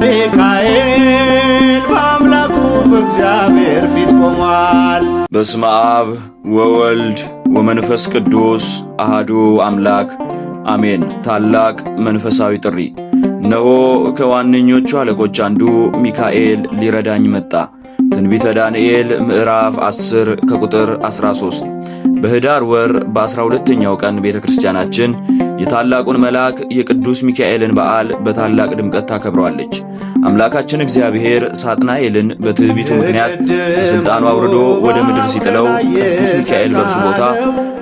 ሚካኤል በአምላኩ በእግዚአብሔር ፊት ቆሟል። በስመ አብ ወወልድ ወመንፈስ ቅዱስ አሃዱ አምላክ አሜን። ታላቅ መንፈሳዊ ጥሪ እነሆ ከዋነኞቹ አለቆች አንዱ ሚካኤል ሊረዳኝ መጣ። ትንቢተ ዳንኤል ምዕራፍ 10 ከቁጥር 13። በኅዳር ወር በ12ኛው ቀን ቤተ ክርስቲያናችን የታላቁን መልአክ የቅዱስ ሚካኤልን በዓል በታላቅ ድምቀት ታከብረዋለች። አምላካችን እግዚአብሔር ሳጥናኤልን በትዕቢቱ ምክንያት ከሥልጣኑ አውርዶ ወደ ምድር ሲጥለው ቅዱስ ሚካኤል በእርሱ ቦታ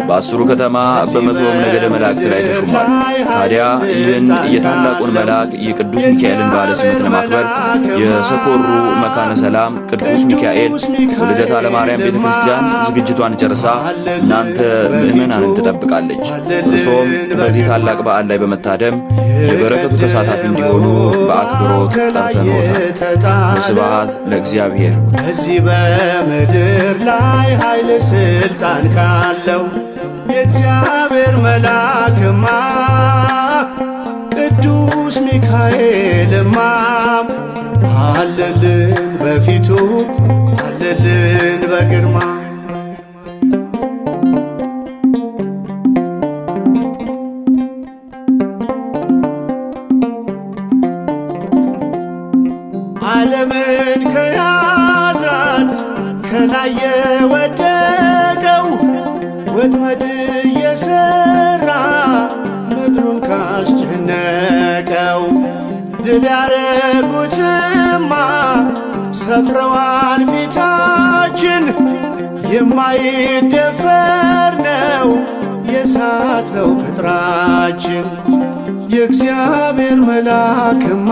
በአስሩ ከተማ በመቶም ነገደ መላእክት ላይ ተሹሟል። ታዲያ ይህን የታላቁን መልአክ የቅዱስ ሚካኤልን በዓለ ሲመት ለማክበር የሰኮሩ መካነ ሰላም ቅዱስ ሚካኤል በልደታ ለማርያም ቤተ ክርስቲያን ዝግጅቷን ጨርሳ እናንተ ምእመናንን ትጠብቃለች። እርሶም በዚህ ታላቅ በዓል ላይ በመታደም የበረከቱ ተሳታፊ እንዲሆኑ በአክብሮት ጠርተኖታል። ስብሐት ለእግዚአብሔር። በዚህ በምድር ላይ ኃይል ስልጣን ካለው የእግዚአብሔር መልአክማ ቅዱስ ሚካኤልማ አለልን በፊቱ አለልን በግርማ ዓለምን ከያዛት ከላይ የወደቀው ወጥመድ እየሰራ ምድሩን ካስጨነቀው ድል ያረጉትማ ሰፍረዋል ፊታችን የማይደፈር ነው የእሳት ነው ቅጥራችን የእግዚአብሔር መልአክማ